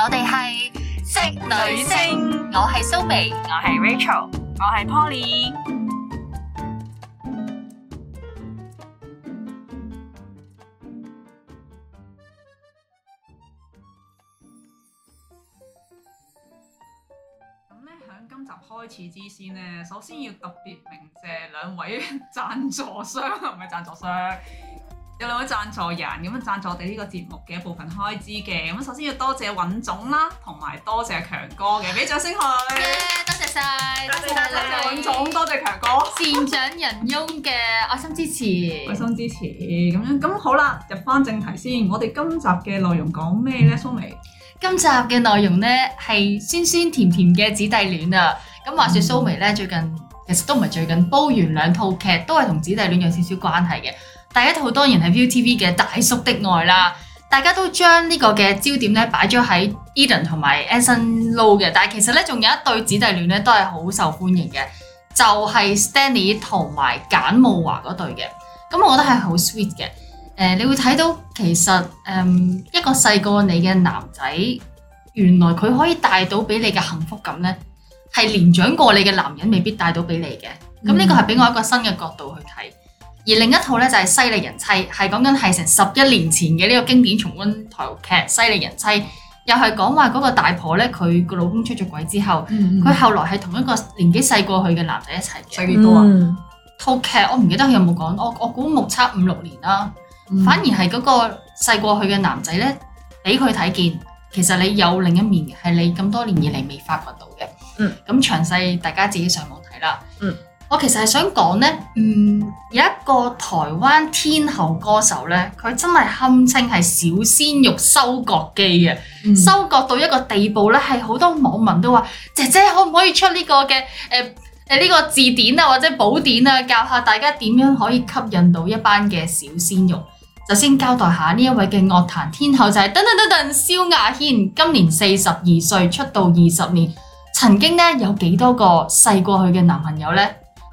我哋係職女聲，我係蘇眉，我係 Rachel，我係 Poly。咁咧，響今集開始之先呢，首先要特別鳴謝兩位贊助商，唔係贊助商。有兩位贊助人咁啊，贊助我哋呢個節目嘅一部分開支嘅。咁首先要多謝尹總啦，同埋多謝強哥嘅，俾掌聲佢。多謝多謝晒，多謝尹總多謝強哥，善長仁翁嘅愛心支持，愛心支持。咁樣咁好啦，入翻正題先。我哋今集嘅內容講咩咧？蘇眉、嗯，今集嘅內容咧係酸酸甜甜嘅姊弟戀啊。咁話說蘇眉咧，最近其實都唔係最近，煲完兩套劇都係同姊弟戀有少少關係嘅。第一套當然係 ViuTV 嘅《大叔的愛》啦，大家都將呢個嘅焦點咧擺咗喺 Edan 同埋 Anson Lo 嘅，但係其實咧仲有一對姊弟戀咧都係好受歡迎嘅，就係、是、Stanley 同埋簡慕華嗰對嘅。咁我覺得係好 sweet 嘅。誒、呃，你會睇到其實誒、呃、一個細過你嘅男仔，原來佢可以帶到俾你嘅幸福感咧，係年長過你嘅男人未必帶到俾你嘅。咁呢個係俾我一個新嘅角度去睇。嗯而另一套咧就係、是《犀利人妻》，係講緊係成十一年前嘅呢個經典重溫台劇《犀利人妻》，又係講話嗰個大婆咧，佢個老公出咗軌之後，佢、嗯嗯、後來係同一個年紀細過去嘅男仔一齊嘅。幾多啊？套劇我唔記得佢有冇講，我我估目測五六年啦。反而係嗰個細過去嘅男仔咧，俾佢睇見，其實你有另一面嘅，係你咁多年以嚟未發掘到嘅。嗯，咁詳細大家自己上網睇啦、嗯。嗯。我其實係想講呢，嗯，有一個台灣天后歌手呢，佢真係堪稱係小鮮肉收割機嘅。嗯、收割到一個地步呢係好多網民都話、嗯、姐姐可唔可以出呢個嘅誒呢個字典啊或者寶典啊，教下大家點樣可以吸引到一班嘅小鮮肉。就先交代下呢一位嘅樂壇天后就係等等等等。蕭亞、嗯嗯嗯嗯、軒，今年四十二歲，出道二十年，曾經呢，有幾多個細過佢嘅男朋友呢？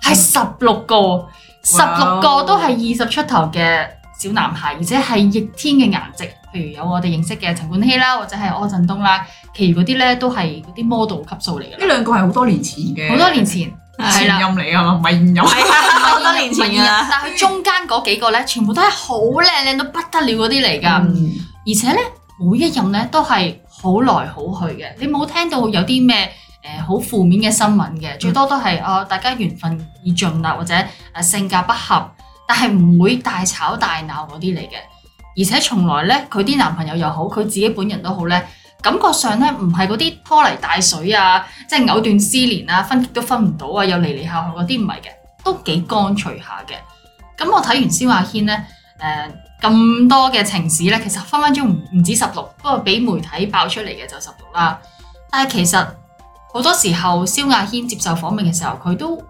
係十六個，十六 Wow. 個都係二十出頭嘅小男孩，而且係逆天嘅顏值。譬如有我哋認識嘅陳冠希啦，或者係柯震東啦，其餘嗰啲咧都係嗰啲 model 級數嚟嘅。呢兩個係好多年前嘅，好多年前是前任嚟噶，唔係現任。好 多年前嘅、啊， 但係佢中間嗰幾個咧，全部都係好靚靚到不得了嗰啲嚟㗎。嗯、而且咧，每一任咧都係好來好去嘅。你冇聽到有啲咩？誒好負面嘅新聞嘅，最多都係哦，大家緣分已盡啦，或者誒性格不合，但係唔會大吵大鬧嗰啲嚟嘅。而且從來呢，佢啲男朋友又好，佢自己本人都好呢，感覺上呢，唔係嗰啲拖泥帶水啊，即係藕斷絲連啊，分極都分唔到啊，又離離合合嗰啲唔係嘅，都幾乾脆下嘅。咁我睇完蕭亞軒呢，誒、呃、咁多嘅情史呢，其實分分鐘唔唔止十六，不過俾媒體爆出嚟嘅就十六啦。但係其實，好多時候，蕭亞軒接受訪問嘅時候，佢都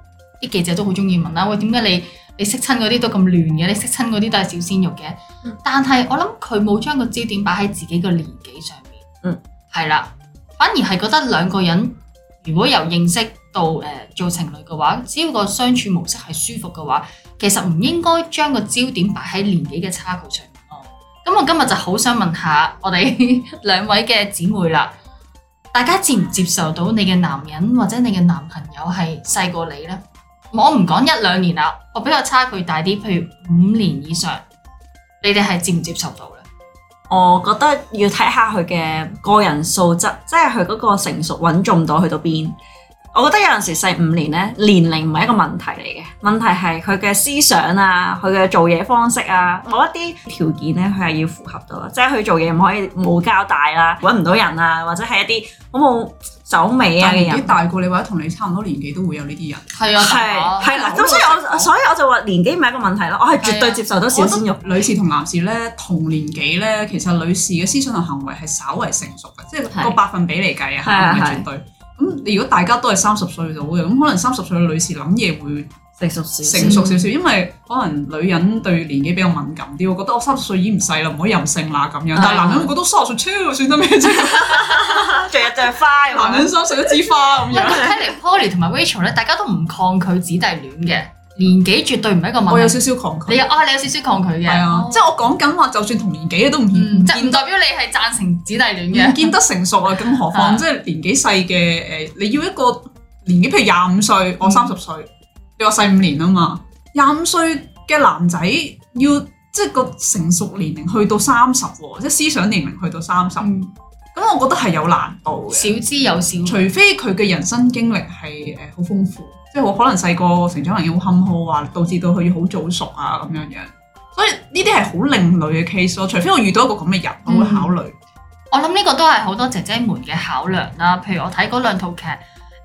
啲記者都好中意問啦。喂，點解你你識親嗰啲都咁亂嘅？你識親嗰啲都係小鮮肉嘅。嗯、但係我諗佢冇將個焦點擺喺自己嘅年紀上面。嗯，係啦，反而係覺得兩個人如果由認識到誒、呃、做情侶嘅話，只要個相處模式係舒服嘅話，其實唔應該將個焦點擺喺年紀嘅差距上面哦，咁、嗯、我今日就好想問下我哋 兩位嘅姊妹啦。大家接唔接受到你嘅男人或者你嘅男朋友係細過你呢？我唔講一兩年啦，我比較差距大啲，譬如五年以上，你哋係接唔接受到呢？我覺得要睇下佢嘅個人素質，即係佢嗰個成熟穩重度去到邊。我覺得有陣時細五年咧，年齡唔係一個問題嚟嘅，問題係佢嘅思想啊，佢嘅做嘢方式啊，某一啲條件咧，佢係要符合到咯，即係佢做嘢唔可以冇交代啊，揾唔到人啊，或者係一啲好冇走尾啊嘅人。年紀大過你或者同你差唔多年紀都會有呢啲人，係啊對，係係啦，咁所以我所以我就話年紀唔係一個問題咯，我係絕對接受到小鮮肉。啊、女士同男士咧同年紀咧，其實女士嘅思想同行為係稍為成熟嘅，即係是個百分比嚟計啊，唔係絕對的的咁如果大家都係三十歲到嘅，咁可能三十歲嘅女士諗嘢會成熟少少，成熟少少，因為可能女人對年紀比較敏感啲，我覺得我三十歲已經唔細啦，唔可以任性啦咁樣。但係男人會覺得三十歲超算得咩啫？其實就係花，男人三十一枝花咁樣。Harry 、Polly 同埋 Rachel 咧，大家都唔抗拒姊弟戀嘅。年紀絕對唔係一個問題，我有少少抗拒。你啊，你有少少抗拒嘅，啊哦、即係我講緊話，就算同年紀都唔見，唔、嗯、代表你係贊成姊弟戀嘅。唔、嗯、見得成熟啊，更何況、 啊、即係年紀細嘅誒，你要一個年紀，譬如廿五歲，我三十歲，嗯、你話細五年啊嘛。廿五歲嘅男仔要即係個成熟年齡去到三十喎，即係思想年齡去到三十。嗯咁我覺得係有難度嘅，少之又少，除非佢嘅人生經歷係誒好豐富，即係我可能細個成長環境好坎坷啊，導致到佢好早熟啊咁樣樣。所以呢啲係好另類嘅 case 咯，除非我遇到一個咁嘅人，我、嗯、都會考慮。我諗呢個都係好多姐姐們嘅考量啦。譬如我睇嗰兩套劇，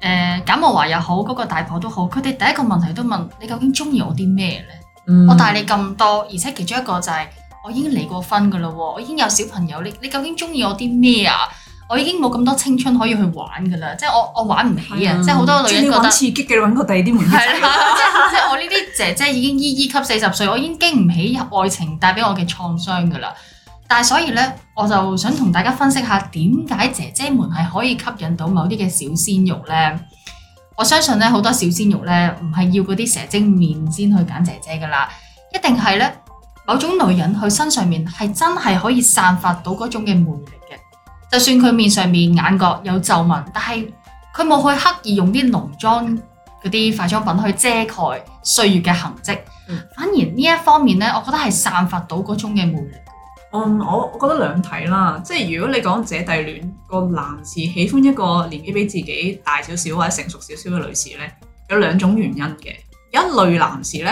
誒簡慕華又好，嗰、那個大婆都好，佢哋第一個問題都問你究竟鍾意我啲咩呢？嗯、我帶你咁多，而且其中一個就係、是。我已經離過婚噶啦，我已經有小朋友。你你究竟中意我啲咩啊？我已經冇咁多青春可以去玩噶啦，即係我我玩唔起啊！的即係好多女人覺得刺激嘅，揾個第二啲門。係的 即係我呢啲姐姐已經依依級四十歲，我已經驚唔起愛情帶俾我嘅創傷噶啦。但係所以咧，我就想同大家分析下點解姐姐們係可以吸引到某啲嘅小鮮肉咧。我相信咧，好多小鮮肉咧唔係要嗰啲蛇精面先去揀姐姐噶啦，一定係咧。某種女人佢身上面係真係可以散發到嗰種嘅魅力嘅，就算佢面上面眼角有皺紋，但係佢冇去刻意用啲濃妝啲化妝品去遮蓋歲月嘅痕跡，嗯、反而呢一方面呢，我覺得係散發到嗰種嘅魅力。嗯，我我覺得兩睇啦，即係如果你講姐弟戀個男士喜歡一個年紀比自己大少少或者成熟少少嘅女士呢，有兩種原因嘅，一類男士呢。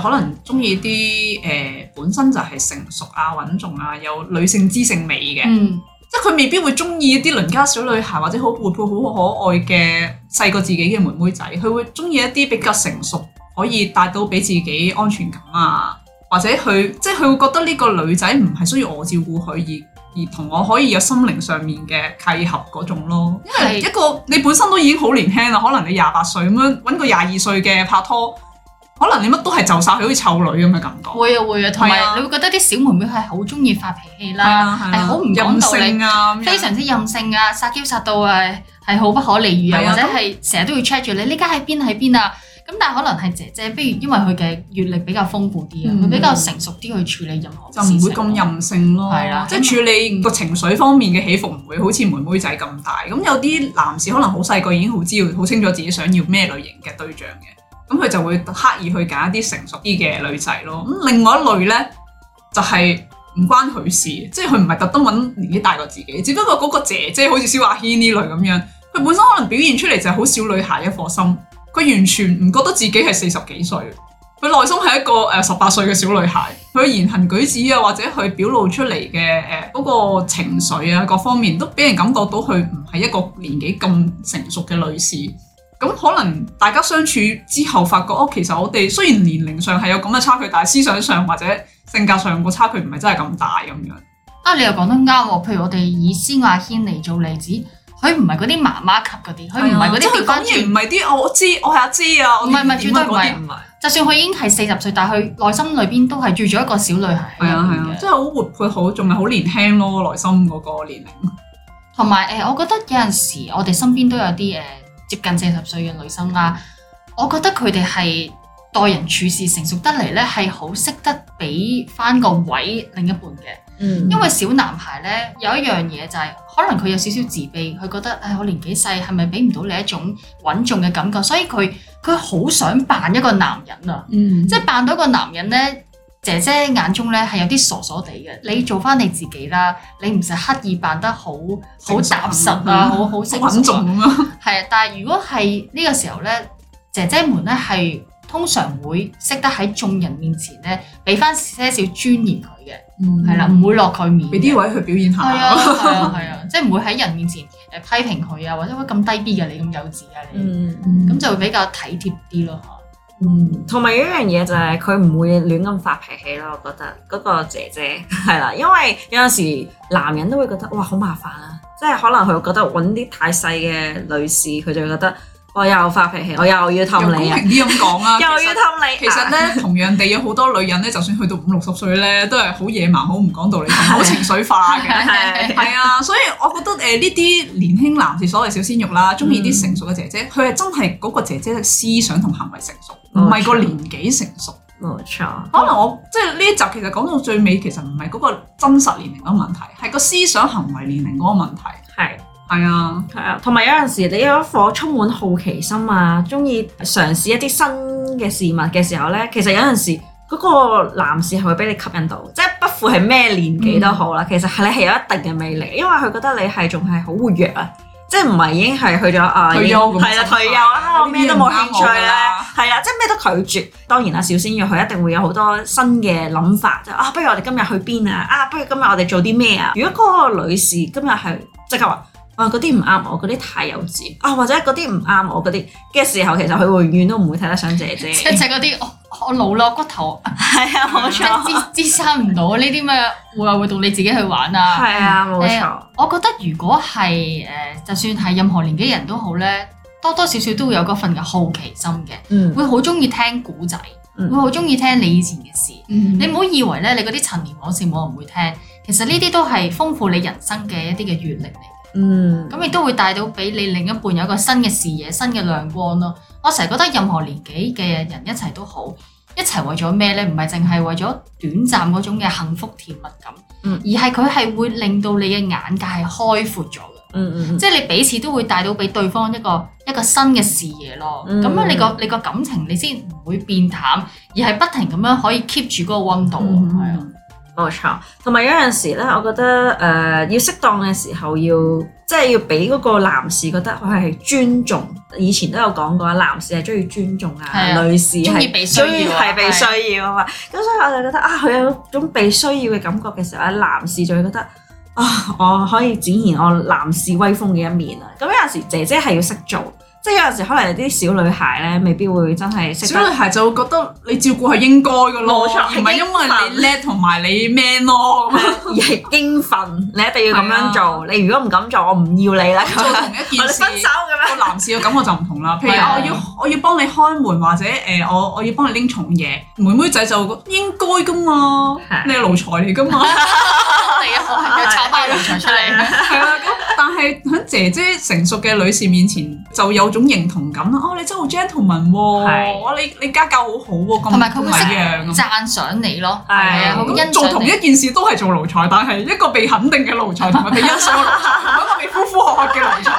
可能中意啲誒，本身就係成熟啊、穩重啊，有女性知性美嘅，嗯、即係佢未必會中意一啲鄰家小女孩或者好活潑、好可愛嘅細過自己嘅妹妹仔，佢會中意一啲比較成熟，可以帶到俾自己安全感啊，或者佢即係佢會覺得呢個女仔唔係需要我照顧佢，而而同我可以有心靈上面嘅契合嗰種咯。因為，因為一個你本身都已經好年輕啦，可能你廿八歲咁樣揾個廿二歲嘅拍拖。可能你乜都係就曬，好似湊女咁嘅感覺。會啊會啊，同埋係、啊、你會覺得啲小妹妹係好中意發脾氣啦，係好唔任性啊，非常之任性啊，撒嬌撒到係係好不可理喻啊，啊或者係成日都要 check 住你呢家喺邊喺邊啊。咁但係可能係姐姐，不如因為佢嘅閲歷比較豐富啲啊，嗯、比較成熟啲去處理任何就唔會咁任性咯、啊，係啦、啊，即係、啊、處理個情緒方面嘅起伏唔會好似妹妹仔咁大。咁有啲男士可能好細個已經好知道、好清楚自己想要咩類型嘅對象嘅。咁佢就會刻意去揀一啲成熟啲嘅女仔咯。咁另外一類呢，就係唔關佢事，即係佢唔係特登揾年紀大過自己，只不過嗰個姐姐好似蕭亞軒呢類咁樣，佢本身可能表現出嚟就係好小女孩一顆心，佢完全唔覺得自己係四十幾歲，佢內心係一個誒十八歲嘅小女孩，佢言行舉止啊，或者佢表露出嚟嘅誒嗰個情緒啊，各方面都俾人感覺到佢唔係一個年紀咁成熟嘅女士。咁可能大家相處之後，發覺哦，其實我哋雖然年齡上係有咁嘅差距，但係思想上或者性格上個差距唔係真係咁大咁樣。啊，你又講得啱喎！譬如我哋以先阿軒嚟做例子，佢唔係嗰啲媽媽級嗰啲，佢唔係嗰啲。佢係當唔係啲我知，我係知啊。唔係唔係，絕對唔係。就算佢已經係四十歲，但係佢內心裏邊都係住咗一個小女孩。係啊係啊，真係好活潑，好仲係好年輕咯！內心嗰個年齡。同埋誒，我覺得有陣時我哋身邊都有啲誒。接近四十歲嘅女生啦，嗯、我覺得佢哋係待人處事成熟得嚟呢，係好識得俾翻個位另一半嘅。嗯，因為小男孩呢，有一樣嘢就係、是，可能佢有少少自卑，佢覺得誒、哎、我年紀細，係咪俾唔到你一種穩重嘅感覺？所以佢佢好想扮一個男人啊，嗯、即係扮到一個男人呢。.姐姐眼中咧係有啲傻傻地嘅，你做翻你自己啦，你唔使刻意扮得好好熟踏實啊，好、嗯、好識穩重啊，係啊。但係如果係呢個時候咧，姐姐們咧係通常會識得喺眾人面前咧俾翻些少尊嚴佢嘅，係啦、嗯，唔會落佢面，俾啲位去表演下。係啊係啊係啊，即係唔會喺人面前誒批評佢啊，或者會咁低 B 嘅你咁幼稚啊你，咁、嗯嗯、就會比較體貼啲咯。嗯，同埋一樣嘢就係佢唔會亂咁發脾氣咯，我覺得嗰個姐姐係啦，因為有陣時男人都會覺得哇好麻煩啊，即係可能佢覺得揾啲太細嘅女士，佢就會覺得。我又發脾氣，我又要氹你啊！又公平啲咁講啊，又要氹你。其實咧，同樣地有好多女人咧，就算去到五六十歲咧，都係好野蠻、好唔講道理、好情緒化嘅。係啊，所以我覺得誒呢啲年輕男士所謂小鮮肉啦，鍾意啲成熟嘅姐姐，佢係真係嗰個姐姐嘅思想同行為成熟，唔係個年紀成熟。冇錯。可能我即係呢一集其實講到最尾，其實唔係嗰個真實年齡嗰個問題，係個思想行為年齡嗰個問題。係。係啊，係啊，同埋有陣時你有一顆充滿好奇心啊，中意嘗試一啲新嘅事物嘅時候咧，其實有陣時嗰個男士係會俾你吸引到，即係不負係咩年紀都好啦。嗯、其實係你係有一定嘅魅力，因為佢覺得你係仲係好活躍啊，即係唔係已經係去咗啊，休啊？退休咁啊，我咩都冇興趣咧，係啊，即係咩都拒絕。當然啦，小鮮肉佢一定會有好多新嘅諗法，就是、啊，不如我哋今日去邊啊？啊，不如今日我哋做啲咩啊？如果嗰個女士今日係即刻話。啊！嗰啲唔啱我，嗰啲太幼稚啊、哦，或者嗰啲唔啱我嗰啲嘅時候，其實佢永遠都唔會睇得上姐姐。即係嗰啲我我老啦，骨頭係 啊，冇錯 我錯支撐唔到呢啲咩，會唔會同你自己去玩啊？係啊，冇錯、欸。我覺得如果係誒，就算係任何年紀嘅人都好咧，多多少少都會有嗰份嘅好奇心嘅，嗯、會好中意聽古仔，嗯、會好中意聽你以前嘅事。嗯、你唔好以為咧，你嗰啲陳年往事冇人會聽，其實呢啲都係豐富你人，人生嘅一啲嘅閲歷嚟。嗯，咁亦都會帶到俾你另一半有一個新嘅視野、新嘅亮光咯。我成日覺得任何年紀嘅人一齊都好，一齊為咗咩呢？唔係淨係為咗短暫嗰種嘅幸福甜蜜感，嗯、而係佢係會令到你嘅眼界係開闊咗嘅。嗯嗯、即係你彼此都會帶到俾對方一個一個新嘅視野咯。咁、嗯、樣你個你個感情你先唔會變淡，而係不停咁樣可以 keep 住嗰個温度。嗯冇錯，同埋有陣時咧，我覺得誒、呃、要適當嘅時候要，即係要俾嗰個男士覺得佢係尊重。以前都有講過，男士係中意尊重啊，的女士中意被需要，係被需要啊嘛。咁的所以我就覺得啊，佢有種被需要嘅感覺嘅時候咧，男士就會覺得啊，我可以展現我男士威風嘅一面啊。咁有陣時，姐姐係要識做。即係有陣時，可能啲小女孩咧，未必會真係識。小女孩就會覺得你照顧係應該嘅咯，而唔係因為你叻同埋你 man 咯，而係應份，你一定要咁樣做。你如果唔咁做，我唔要你啦。做同一件事，我哋分手咁樣。個男士嘅感覺就唔同啦。譬如我要，我要幫你開門或者誒，我我要幫你拎重嘢。妹妹仔就應該嘅嘛，你係奴才嚟嘅嘛，又又炒翻奴才出嚟。但係喺姐姐成熟嘅女士面前，就有種認同感啦。哦，你真係好 gentleman 喎，哇！你你家教好好喎，咁同埋佢唔係一樣讚賞你咯，係啊，做同一件事都係做奴才，但係一個被肯定嘅奴才，同埋個被欣賞嘅奴才，被呼呼喝喝嘅奴才，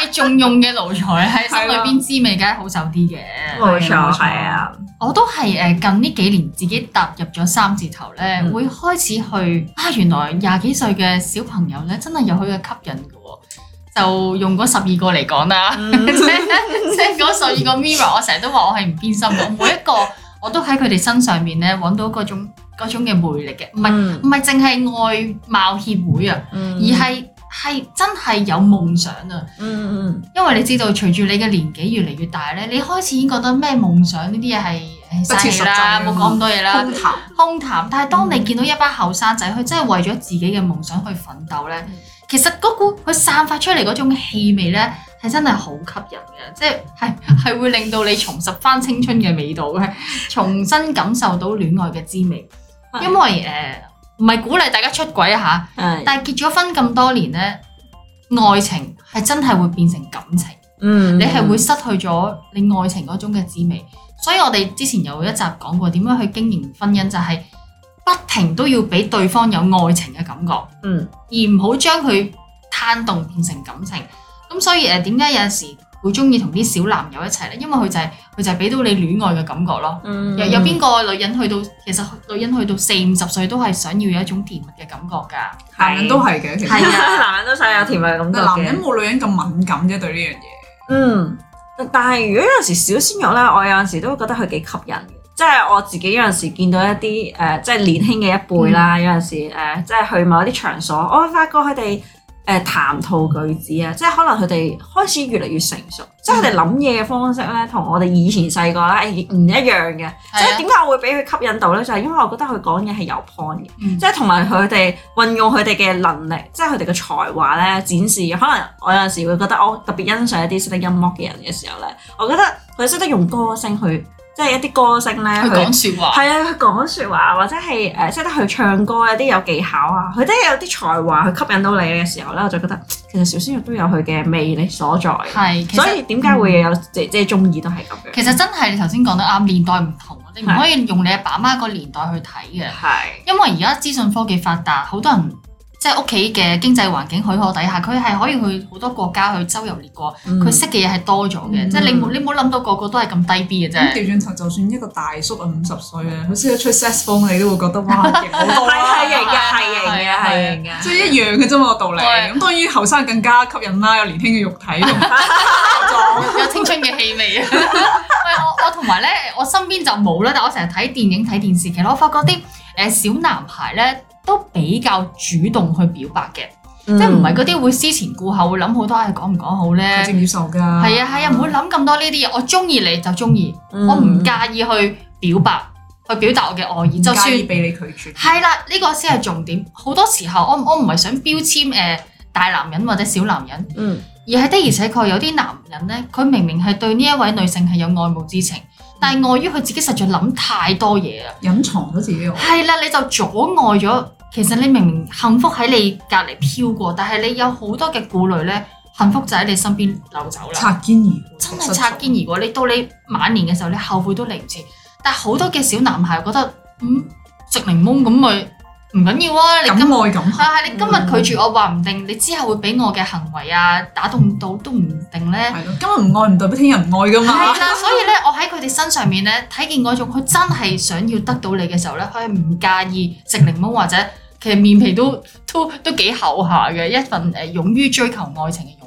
被重用嘅奴才，喺心裏邊滋味梗係好受啲嘅。冇錯，係啊！我都係誒近呢幾年自己踏入咗三字頭咧，會開始去啊，原來廿幾歲嘅小朋友咧，真係有佢嘅吸引㗎。就用嗰十二個嚟講啦，即係嗰十二個 mirror，我成日都話我係唔偏心嘅，我每一個我都喺佢哋身上面咧揾到嗰種嗰種嘅魅力嘅，唔係唔係淨係外貌協會啊，嗯、而係係真係有夢想啊，嗯嗯因為你知道隨住你嘅年紀越嚟越大咧，你開始已經覺得咩夢想呢啲嘢係不切實際啦，冇講咁多嘢啦、嗯，空談空談談，但係當你見到一班後生仔佢真係為咗自己嘅夢想去奮鬥咧。其實嗰個佢散發出嚟嗰種氣味呢，係真係好吸引嘅，即係係會令到你重拾返青春嘅味道嘅，重新感受到戀愛嘅滋味。因為誒，唔係的、呃、鼓勵大家出軌嚇，啊、的但係結咗婚咁多年呢，愛情係真係會變成感情，嗯，你係會失去咗你愛情嗰種嘅滋味。所以我哋之前有一集講過點樣去經營婚姻，就係、是。不停都要俾對方有愛情嘅感覺，嗯，而唔好將佢攤動變成感情。咁所以誒，點解有時會中意同啲小男友一齊咧？因為佢就係、是、佢就係俾到你戀愛嘅感覺咯。嗯、有有邊個女人去到其實女人去到四五十歲都係想要有一種甜蜜嘅感覺㗎。男人都係嘅，其實，係是啊， 男人都想有甜蜜嘅感覺。男人冇女人咁敏感啫，對呢樣嘢。嗯，但係如果有時小鮮肉咧，我有陣時都會覺得佢幾吸引。即係我自己有陣時見到一啲誒、呃，即係年輕嘅一輩啦。嗯、有陣時誒、呃，即係去某一啲場所，我發覺佢哋誒談吐句子啊，即係可能佢哋開始越嚟越成熟。嗯、即係佢哋諗嘢嘅方式咧，同我哋以前細個咧唔一樣嘅。是啊、即係點解我會俾佢吸引到咧？就係、是、因為我覺得佢講嘢係有 point 嘅，嗯、即係同埋佢哋運用佢哋嘅能力，即係佢哋嘅才華咧展示。可能我有陣時會覺得我特別欣賞一啲識得音樂嘅人嘅時候咧，我覺得佢識得用歌聲去。即係一啲歌星咧，佢講説話，係啊，佢講説話或者係誒識得去唱歌一啲有技巧啊，佢都有啲才華去吸引到你嘅時候咧，我就覺得其實小鮮肉都有佢嘅魅力所在。係，所以點解會有姐姐、嗯、中意都係咁樣？其實真係你頭先講得啱，年代唔同，你唔可以用你阿爸媽個年代去睇嘅。係，因為而家資訊科技發達，好多人。即係屋企嘅經濟環境許可底下，佢係可以去好多國家去周遊列國，佢識嘅嘢係多咗嘅。即係你冇你冇諗到個個都係咁低 B 嘅啫。咁調轉頭就算一個大叔啊五十歲啊，佢識得出 saxophone，你都會覺得哇，幾好聽。係係型嘅，係型嘅，係型嘅。即係一樣嘅啫嘛個道理。咁當然後生更加吸引啦，有年輕嘅肉體有青春嘅氣味啊。喂我我同埋咧，我身邊就冇啦，但我成日睇電影睇電視劇，我發覺啲誒小男孩咧。都比較主動去表白嘅，嗯、即係唔係嗰啲會思前顧後，會諗好多誒講唔講好咧？佢接受㗎。係啊係啊，唔會諗咁多呢啲。嘢、嗯。我中意你就中意，嗯、我唔介意去表白，去表達我嘅愛意，就算俾你拒絕。係啦算，呢、嗯呢個先係重點。好多時候我，我我唔係想標籤誒大男人或者小男人，嗯，而係的而且確有啲男人咧，佢明明係對呢一位女性係有愛慕之情。但係礙於佢自己實在諗太多嘢啦，隱藏咗自己。係啦，你就阻礙咗。其實你明明幸福喺你隔離飄過，但係你有好多嘅顧慮咧，幸福就喺你身邊溜走啦。擦肩而過，真係擦肩而過。你到你晚年嘅時候，你後悔都嚟唔切。但係好多嘅小男孩覺得，嗯，食檸檬咁咪。唔緊要啊！敢敢你今愛咁，係係你今日拒絕我話唔定，你之後會俾我嘅行為啊打動到都唔定咧。係咯，今日唔愛唔代表聽日唔愛噶嘛。係啦，所以咧，我喺佢哋身上面咧睇見嗰種，佢真係想要得到你嘅時候咧，佢係唔介意食檸檬，或者其實面皮都都都幾厚下嘅一份誒，勇於追求愛情嘅。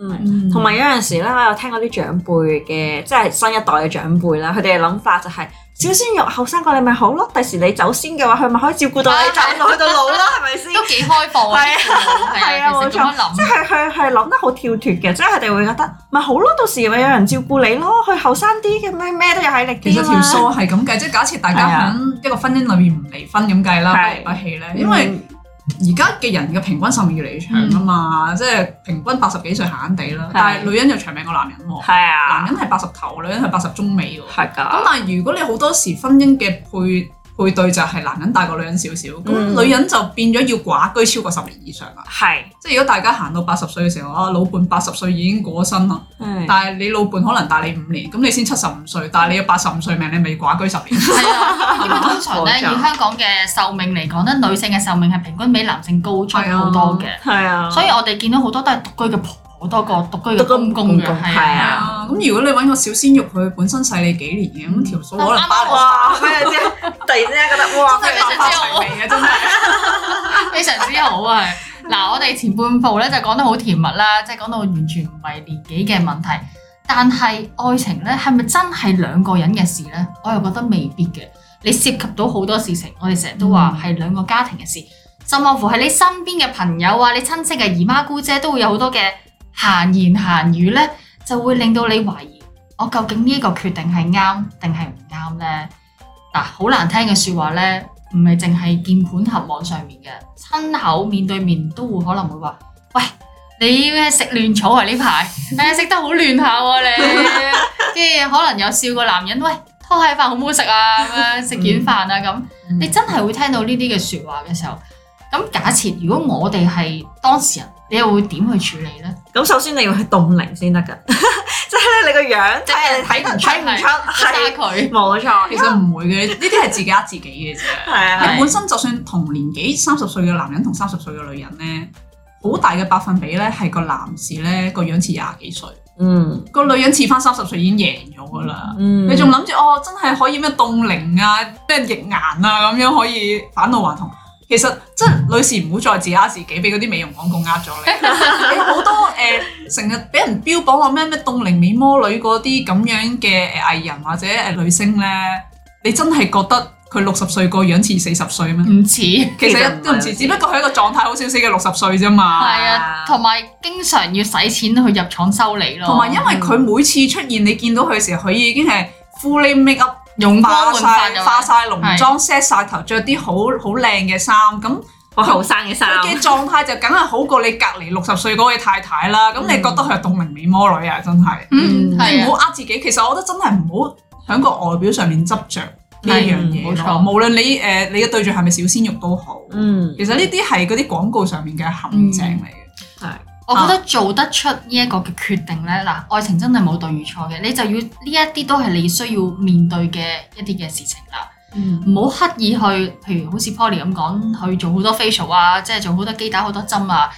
嗯，同埋有陣時咧，我有聽過啲長輩嘅，即係新一代嘅長輩啦，佢哋嘅諗法就係小鮮肉後生過你咪好咯，第時你走先嘅話，佢咪可以照顧到你走到去到老咯，係咪先？都幾開放啊！係啊，係啊，冇錯，即係佢係諗得好跳脱嘅，即係佢哋會覺得咪好咯，到時咪有人照顧你咯，佢後生啲嘅咩咩都有吸引力啲啊嘛。其實條數係咁計，即係假設大家喺一個婚姻裏面唔離婚咁計啦，不離不棄咧，因為，而家嘅人嘅平均壽命越嚟越長啊嘛，嗯、即係平均八十幾歲閒閒哋啦，的但係女人又長命過男人喎，的男人係八十頭，女人係八十中尾喎，係㗎。咁的但係如果你好多時婚姻嘅配配對就係男人大過女人少少，咁、嗯、女人就變咗要寡居超過十年以上啦。係是，即係如果大家行到八十歲嘅時候，啊老伴八十歲已經過身啦，是但係你老伴可能大你五年，咁你先七十五歲，但係你有八十五歲命，你咪寡居十年。係啊，因為通常咧， 像以香港嘅壽命嚟講咧，女性嘅壽命係平均比男性高出好多嘅，係啊，啊所以我哋見到好多都係獨居嘅婆好多個獨居嘅公公嘅，係啊，咁如果你揾個小鮮肉，佢本身細你幾年嘅，咁條數啱能哇咩知，突然之間覺得哇，非常之好嘅，真係非常之好啊！嗱，我哋前半部咧就講得好甜蜜啦，即係講到完全唔係年紀嘅問題，但係愛情咧係咪真係兩個人嘅事咧？我又覺得未必嘅，你涉及到好多事情。我哋成日都話係兩個家庭嘅事，甚至乎係你身邊嘅朋友啊、你親戚嘅姨媽姑姐都會有好多嘅。閒言閒語咧，就會令到你懷疑我究竟呢一個決定係啱定係唔啱呢？嗱、啊，好難聽嘅説話呢，唔係淨係鍵盤合網上面嘅，親口面對面都會可能會話，喂，你咩食嫩草啊？呢排誒食得好嫩下喎你，跟住 可能有笑個男人，喂，拖鞋飯好唔好食啊？食軟飯啊咁，嗯、你真係會聽到呢啲嘅説話嘅時候，咁假設如果我哋係當事人。你又會點去處理咧？咁首先你要去凍齡先得㗎，即係咧你個樣即係睇唔睇唔出，佢，冇錯。其實唔會嘅，呢啲係自己呃自己嘅啫。係啊，本身就算同年紀三十歲嘅男人同三十歲嘅女人咧，好大嘅百分比咧係個男士咧個樣似廿幾歲，嗯，個女人似翻三十歲已經贏咗㗎啦。嗯，你仲諗住哦，真係可以咩凍齡啊，即係逆顏啊咁樣可以返老還童。其實真、嗯、女士唔好再自欺欺自己，俾嗰啲美容廣告呃咗你。你好 多誒，成日俾人標榜話咩咩凍齡美魔女嗰啲咁樣嘅藝人或者誒女星咧，你真係覺得佢六十歲個樣似四十歲咩？唔似像，其實都唔似，不只不過佢一個狀態好少少嘅六十歲啫嘛。係啊，同埋經常要使錢去入廠修理咯。同埋因為佢每次出現，嗯、你見到佢嘅時候，佢已經係 full make up。容光煥發咗，化晒濃妝，set 晒頭，着啲好好靚嘅衫，咁個後生嘅衫，佢嘅狀態就梗係好過你隔籬六十歲嗰個太太啦。咁你覺得佢係凍齡美魔女啊？真係，你唔好呃自己。其實我覺得真係唔好響個外表上面執着呢樣嘢咯。無論你誒，你嘅對象係咪小鮮肉都好，其實呢啲係嗰啲廣告上面嘅陷阱嚟嘅。係。我覺得做得出呢一個嘅決定呢嗱，啊、愛情真係冇對與錯嘅，你就要呢一啲都係你需要面對嘅一啲嘅事情啦。唔好、嗯、刻意去，譬如好似 Polly 咁講，去做好多 facial 啊，即係做好多機打好多針啊，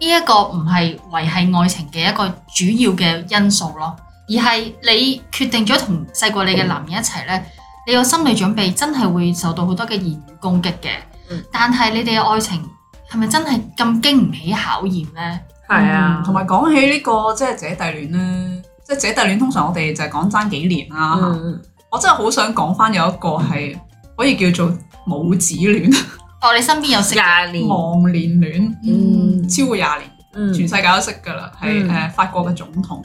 呢、這、一個唔係維係愛情嘅一個主要嘅因素咯，而係你決定咗同細過你嘅男人一齊呢，嗯、你有心理準備，真係會受到好多嘅言語攻擊嘅。嗯、但係你哋嘅愛情係咪真係咁經唔起考驗呢？係啊，同埋講起呢、呢個即係姐弟戀咧，即係姐弟戀通常我哋就係講爭幾年啦。嗯、我真係好想講翻有一個係可以叫做母子戀。哦，你身邊有識廿年忘年戀，戀，嗯，嗯，超過廿年，嗯，全世界都識噶啦，係誒、嗯、法國嘅總統，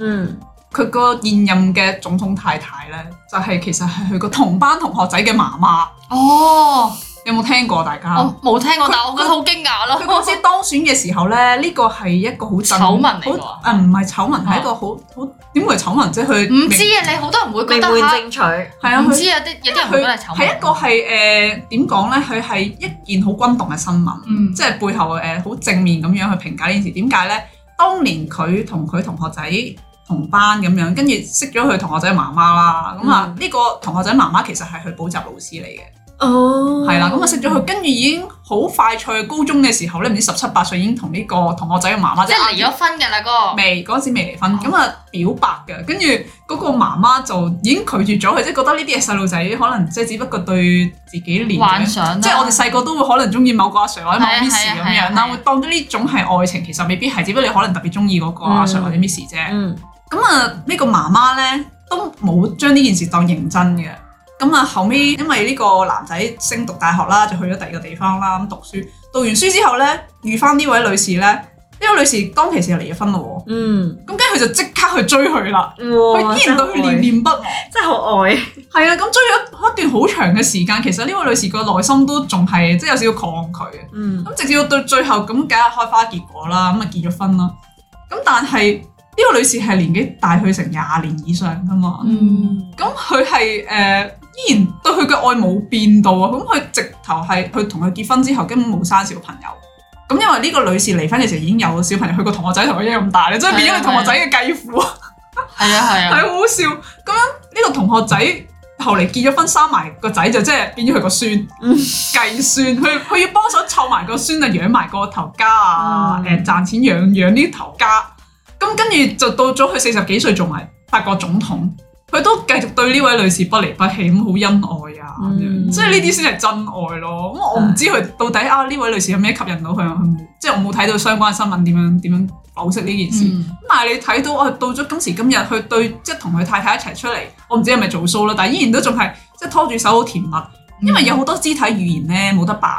嗯，佢個現任嘅總統太太咧，就係、係、其實係佢個同班同學仔嘅媽媽。哦。有冇聽過大家？冇聽過，但係我覺得好驚訝咯。佢嗰時當選嘅時候咧，呢個係一個好醜聞嚟嘅。誒唔係醜聞，係一個好好點會醜聞，即係佢唔知啊！你好多人會覺得取，係啊，唔知啊，啲有人係醜係一個係誒點講咧？佢係一件好轟動嘅新聞，即係背後誒好正面咁樣去評價呢件事。點解咧？當年佢同佢同學仔同班咁樣，跟住識咗佢同學仔媽媽啦。咁啊，呢個同學仔媽媽其實係佢補習老師嚟嘅。哦，係啦、oh.，咁啊識咗佢，跟住已經好快脆。高中嘅時候咧，唔知十七八歲已經同呢個同學仔嘅媽媽即係離咗婚嘅啦，嗰未嗰陣時未離婚，咁啊、oh. 表白嘅，跟住嗰個媽媽就已經拒絕咗佢，即係覺得呢啲係細路仔可能即係只不過對自己幻想，即係我哋細個都會可能中意某個阿 Sir 或者某 Miss 咁樣啦，會當咗呢種係愛情，其實未必係，只不過你可能特別中意嗰個阿 Sir、嗯、或者 Miss 啫。咁啊呢個媽媽咧都冇將呢件事當認真嘅。咁啊，後尾因為呢個男仔升讀大學啦，就去咗第二個地方啦，咁讀書，讀完書之後咧，遇翻呢位女士咧，呢位女士當其時又離咗婚咯，嗯，咁跟住佢就即刻去追佢啦，佢依然對佢念念不忘，真係好愛，係啊，咁追咗一段好長嘅時間，其實呢位女士個內心都仲係即係有少少抗拒嘅，咁直至到到最後咁梗係開花結果啦，咁啊結咗婚啦，咁但係呢位女士係年紀大佢成廿年以上噶嘛，嗯，咁佢係誒。呃依然對佢嘅愛冇變到啊！咁佢直頭係佢同佢結婚之後根本冇生小朋友。咁因為呢個女士離婚嘅時候已經有小朋友，佢個同學仔同佢一樣咁大咧，即係變咗佢同學仔嘅繼父啊！係啊係啊，係好笑。咁樣呢個同學仔後嚟結咗婚生埋個仔就即係變咗佢個孫繼孫。佢佢要幫手湊埋個孫啊，養埋個頭家啊，誒、嗯、賺錢養養呢頭家。咁跟住就到咗佢四十幾歲做埋法國總統。佢都繼續對呢位女士不離不棄，咁好恩愛啊，咁樣、嗯，所以呢啲先係真愛咯。咁、嗯、我唔知佢到底啊呢位女士有咩吸引到佢啊，佢冇、即係我冇睇到相關新聞點樣點樣剖析呢件事。咁、嗯、但係你睇到我、啊、到咗今時今日，佢對即係同佢太太一齊出嚟，我唔知係咪做 show 啦，但係依然都仲係即係拖住手好甜蜜，因為有好多肢體語言咧冇得扮。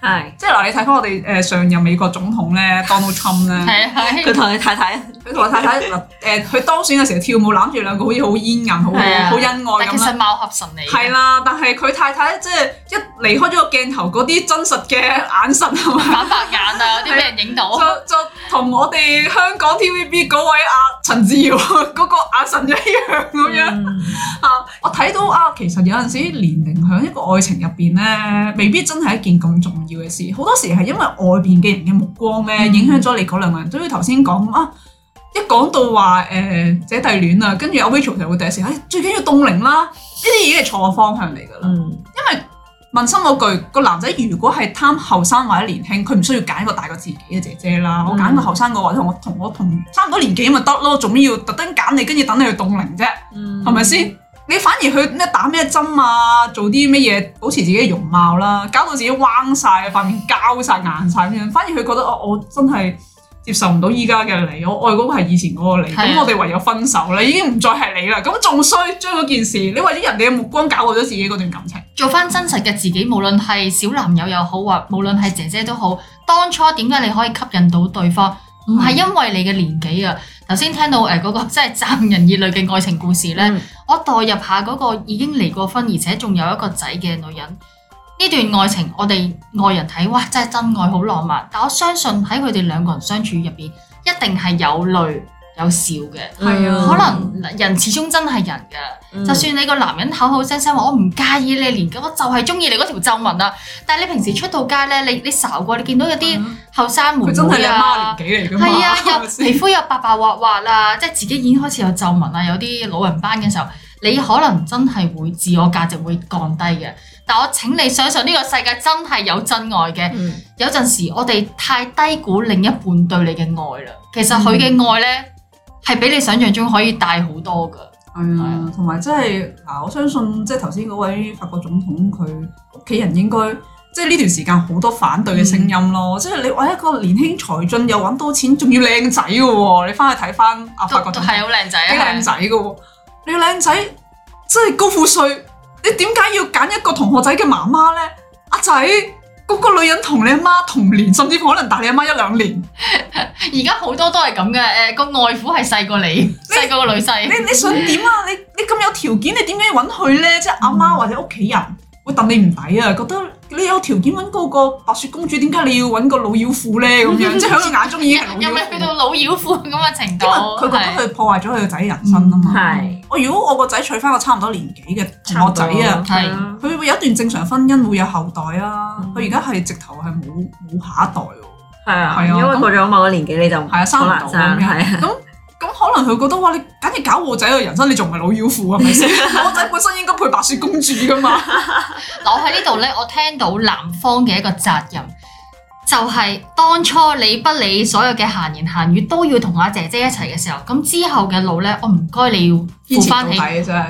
係，即係嗱，你睇翻我哋誒上任美國總統咧 Donald Trump 咧，佢同佢太太，佢同佢太太嗱誒，佢、 呃、當選嘅時候跳舞攬住兩個好似好煙韌，好好的恩愛咁啦。但係其實貌合神離嚟。係啦，但係佢太太即係一離開咗個鏡頭，嗰啲真實嘅眼神啊，白，白眼啊，俾人影到？就就同我哋香港 TVB 嗰位阿、啊、陳自瑤嗰、那個眼神一樣咁樣啊！嗯、 我睇到啊，其實有陣時年齡喺一個愛情入邊咧，未必真係一件咁重嘅事好多時係因為外邊嘅人嘅目光咩影響咗你嗰，兩個人都頭先講啊，一講到話誒、呃、姐弟戀啊，跟住阿 Rachel 就會第一時間、哎，最緊要凍齡啦，呢啲已經係錯嘅方向嚟噶啦。嗯、因為問心嗰句，個男仔如果係貪後生或者年輕，佢唔需要揀一個大過自己嘅姐姐啦，嗯、我揀個後生嘅話，同我同我同差唔多年紀咪得咯，做咩要特登揀你，跟住等你去凍齡啫？嗯，係咪先？你反而去咩打咩針啊？做啲乜嘢保持自己容貌啦？搞到自己彎晒、塊面膠晒、硬晒咁樣。反而佢覺得哦，我真係接受唔到依家嘅你，我愛嗰個係以前嗰個你。咁的我哋唯有分手咧，已經唔再係你啦。咁仲衰，將嗰件事，你為咗人哋嘅目光，搞壞咗自己嗰段感情。做翻真實嘅自己，無論係小男友又好，或無論係姐姐都好，當初點解你可以吸引到對方？唔係因為你嘅年紀啊。頭先、嗯、聽到誒嗰、呃那個真係感人熱淚嘅愛情故事咧。嗯。我代入下嗰個已經離過婚，而且仲有一個仔嘅女人，呢段愛情我哋外人睇，哇，真係真愛，好浪漫。但我相信喺佢哋兩個人相處入邊，一定係有淚。有笑嘅，啊、可能人始終真係人嘅。嗯、就算你個男人口口聲聲話我唔介意你年紀，我就係中意你嗰條皺紋啊。但係你平時出到街咧，你你睄過，你見到有啲後生妹妹，嗯、真年紀啊，係啊，皮膚又白白滑滑啊，即係自己已經開始有皺紋啊，有啲老人斑嘅時候，你可能真係會自我價值會降低嘅。但我請你相信呢個世界真係有真愛嘅。嗯、有陣時我哋太低估另一半對你嘅愛啦。其實佢嘅愛咧。係比你想象中可以大好多噶係啊，啊，同埋即係嗱，啊、我相信即係頭先嗰位法國總統佢屋企人應該即係呢段時間好多反對嘅聲音咯。即係、嗯、你話一個年輕才俊又搵多錢，仲要靚仔噶，你翻去睇翻阿法國總統係好靚仔，幾靚仔噶，你靚仔即係高富帥，你點解要揀一個同學仔嘅媽媽呢？阿、啊、仔。啊個個女人同你阿媽同年，甚至可能大你阿媽一兩年。而家好多都係咁嘅。誒、呃那個外父係細過你，細 過個女婿。 你你想點啊？你你咁有條件，你點解要揾佢咧？即阿媽或者屋企人會戥你唔抵啊，覺得。你有條件揾嗰個白雪公主，點解你要揾個老妖婦咧？咁樣 即喺眼中已經又唔係去到老妖婦咁嘅程度， 因為佢覺得佢破壞咗佢個仔人生啊嘛。我、嗯、如果我個仔娶翻個差唔多年紀嘅同學仔啊，佢會有一段正常婚姻，會有後代啊。佢而家係直頭係冇冇下一代喎。係啊，啊因為過咗某個年紀那你就好難生。是 咁可能佢覺得哇，你簡直搞我仔嘅人生，你仲唔係老妖婦係咪先？是是 我仔本身應該配白雪公主噶嘛。我喺呢度呢，我聽到男方嘅一個責任，就係、是、當初你不理所有嘅閒言閒語，都要同阿姐姐一齊嘅時候，咁之後嘅路呢，我唔該你要負翻起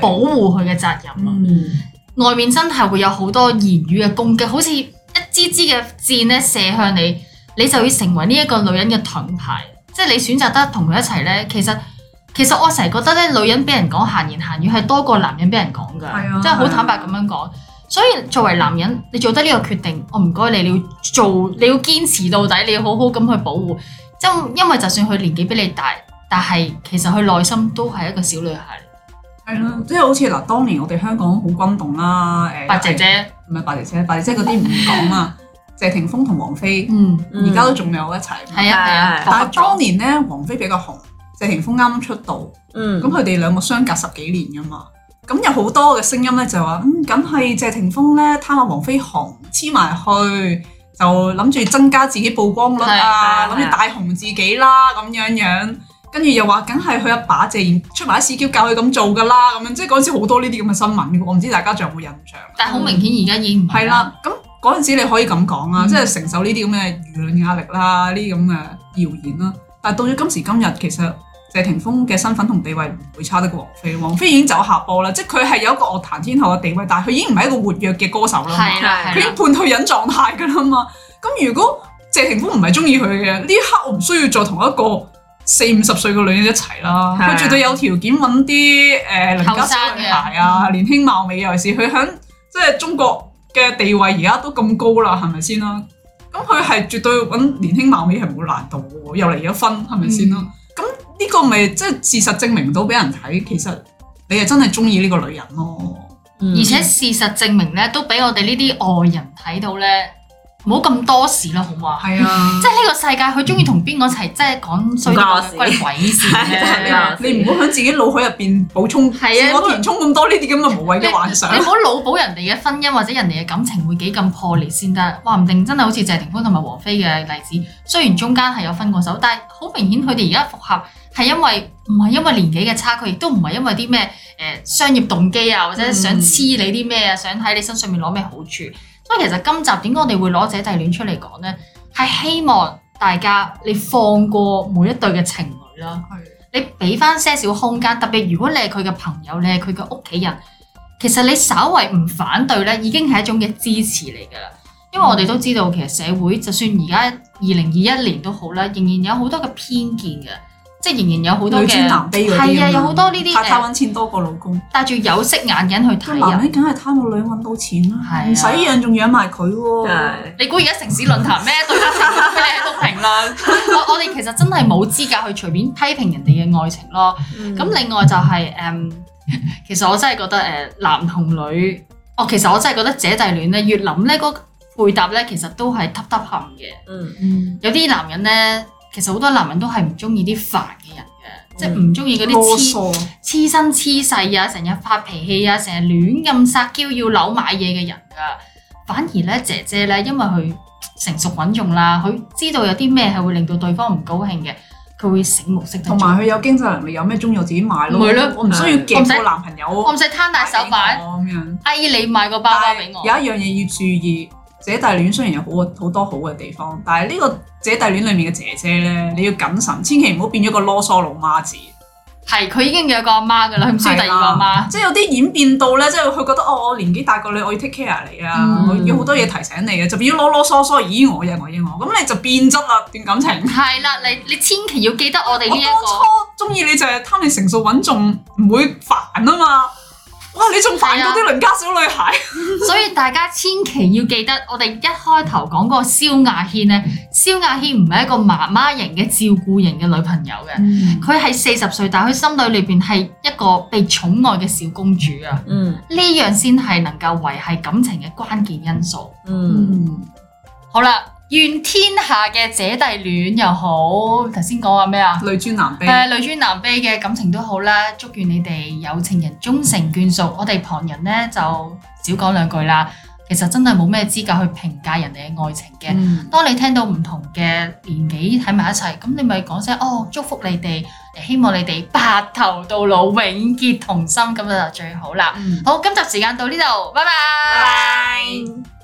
保護佢嘅責任。嗯、外面真係會有好多言語嘅攻擊，好似一支支嘅箭呢，射向你，你就要成為呢一個女人嘅盾牌。即係你選擇得同佢一齊呢？其實其實我成日覺得呢，女人俾人講閒言閒語係多過男人俾人講㗎，啊、即係好坦白咁樣講。啊、所以作為男人，你做得呢個決定，我唔該你，你要做，你要堅持到底，你要好好咁去保護。即因為就算佢年紀比你大，但係其實佢內心都係一個小女孩。係咯、啊，即、就、係、是、好似嗱，當年我哋香港好轟動啦，白姐姐唔係、欸就是、白姐姐，白姐姐嗰啲唔講啊。 謝霆鋒同王菲，嗯，而家都仲有一齊。係啊係啊係。但係當年咧，王菲比較紅，謝霆鋒啱啱出道。嗯。咁佢哋兩個相隔十幾年噶嘛，咁有好多嘅聲音咧就話，咁梗係謝霆鋒咧貪下王菲紅，黐埋去，就諗住增加自己曝光率啊，諗住大紅自己啦，咁樣樣。跟住又話，梗係佢一把姐出埋啲叫教佢咁做噶啦，咁樣。即係嗰陣時好多呢啲咁嘅新聞，我唔知大家仲有冇印象。但係好明顯，而家已經唔係啦。咁嗰陣時你可以咁講啊，嗯、即係承受呢啲咁嘅輿論壓力啦，呢啲咁嘅謠言啦。但係到咗今時今日，其實謝霆鋒嘅身份同地位唔會差得過王菲。王菲已經走下坡啦，即係佢係有一個樂壇天后嘅地位，但係佢已經唔係一個活躍嘅歌手啦。佢的已經半退隱狀態㗎啦嘛。咁如果謝霆鋒唔係中意佢嘅，呢一刻我唔需要再同一個四五十歲嘅女人一齊啦。佢的絕對有條件揾啲誒鄰家小女孩啊，年輕，年輕貌美，尤其是佢響即係中國。嘅地位而家都咁高啦，係咪先啦？咁佢係絕對揾年輕貌美係冇難度嘅，又離咗婚，係咪先啦？咁呢、嗯、個咪即係事實證明到俾人睇，其實你係真係中意呢個女人咯。嗯、而且事實證明咧，都俾我哋呢啲外人睇到咧。唔好咁多事啦，好嘛？係啊，即係呢個世界，佢中意同邊個一齊，即係講衰事，關鬼事。係啊，啊啊你唔好喺自己腦海入邊補充，唔好，啊、填充咁多呢啲咁嘅無謂嘅幻想。你唔好腦補人哋嘅婚姻或者人哋嘅感情會幾咁破裂先得。話唔定真係好似謝霆鋒同埋王菲嘅例子，雖然中間係有分過手，但係好明顯佢哋而家複合係因為唔係因為年紀嘅差距，亦都唔係因為啲咩，誒商業動機啊，或者想黐你啲咩啊，想喺你身上面攞咩好處。所以其實今集點解我哋會攞姐弟戀出嚟講呢？係希望大家你放過每一對嘅情侶啦，的你俾翻些少空間，特別如果你係佢嘅朋友，你係佢嘅屋企人，其實你稍為唔反對呢，已經係一種嘅支持嚟噶啦。因為我哋都知道，其實社會就算而家二零二一年都好啦，仍然有好多嘅偏見嘅。即係仍然有好多嘅，男係啊，有好多呢啲，怕貪揾錢多過老公，戴住有色眼鏡去睇人，梗係貪個女揾到錢啦、啊，唔使、啊、養仲養埋佢喎。啊啊、你估而家城市論壇咩對乜評論咩都評論？ 我哋其實真係冇資格去隨便批評人哋嘅愛情咯。咁、嗯、另外就係、是、誒，um, 其實我真係覺得誒男同女，哦，其實我真係覺得姐弟戀咧，越諗咧個回答咧，其實都係凸凸冚嘅。嗯嗯、有啲男人咧。其實好多男人都係唔中意啲煩嘅人嘅，嗯、即係唔中意嗰啲黐黐身黐世啊，成日發脾氣啊，成日亂咁撒嬌要扭買嘢嘅人噶。反而咧，姐姐咧，因為佢成熟穩重啦，佢知道有啲咩係會令到對方唔高興嘅，佢會醒目識得。同埋佢有經濟能力，有咩鍾意自己買咯。唔係咯，我唔需要夾個男朋友我我，我唔使攤大手板咁樣，阿姨你買個包包俾我。有一樣嘢要注意。姐弟戀雖然有好好多好嘅地方，但係呢個姐弟戀裏面嘅姐姐咧，你要謹慎，千祈唔好變咗個囉嗦老媽子。係，佢已經有個阿媽噶啦，唔需要第二個阿媽。即係有啲演變到咧，即係佢覺得哦，我年紀大過你，我要 take care 你啊，嗯、要好多嘢提醒你啊，就變咗囉囉嗦嗦，咦我應我應我，咁你就變質啦段感情。係啦，你你千祈要記得我哋呢一個。我當初中意你就係貪你成熟穩重，唔會煩啊嘛。哇、啊！你仲煩過啲鄰家小女孩？ 所以大家千祈要記得，我哋一開頭講個蕭亞軒呢，蕭亞軒唔係一個媽媽型嘅照顧型嘅女朋友嘅，佢係四十歲，但係佢心裏裏邊係一個被寵愛嘅小公主啊！嗯，呢樣先係能夠維係感情嘅關鍵因素。嗯，嗯，好啦。願天下嘅姐弟戀又好，頭先講話咩啊？女尊男卑，誒，女尊男卑嘅感情都好啦，祝願你哋有情人終成眷屬。我哋旁人呢，就少講兩句啦。其實真係冇咩資格去評價人哋嘅愛情嘅。嗯、當你聽到唔同嘅年紀喺埋一齊，咁你咪講聲哦，祝福你哋，希望你哋白頭到老，永結同心咁就最好啦。嗯、好，今集時間到呢度，拜拜。拜拜。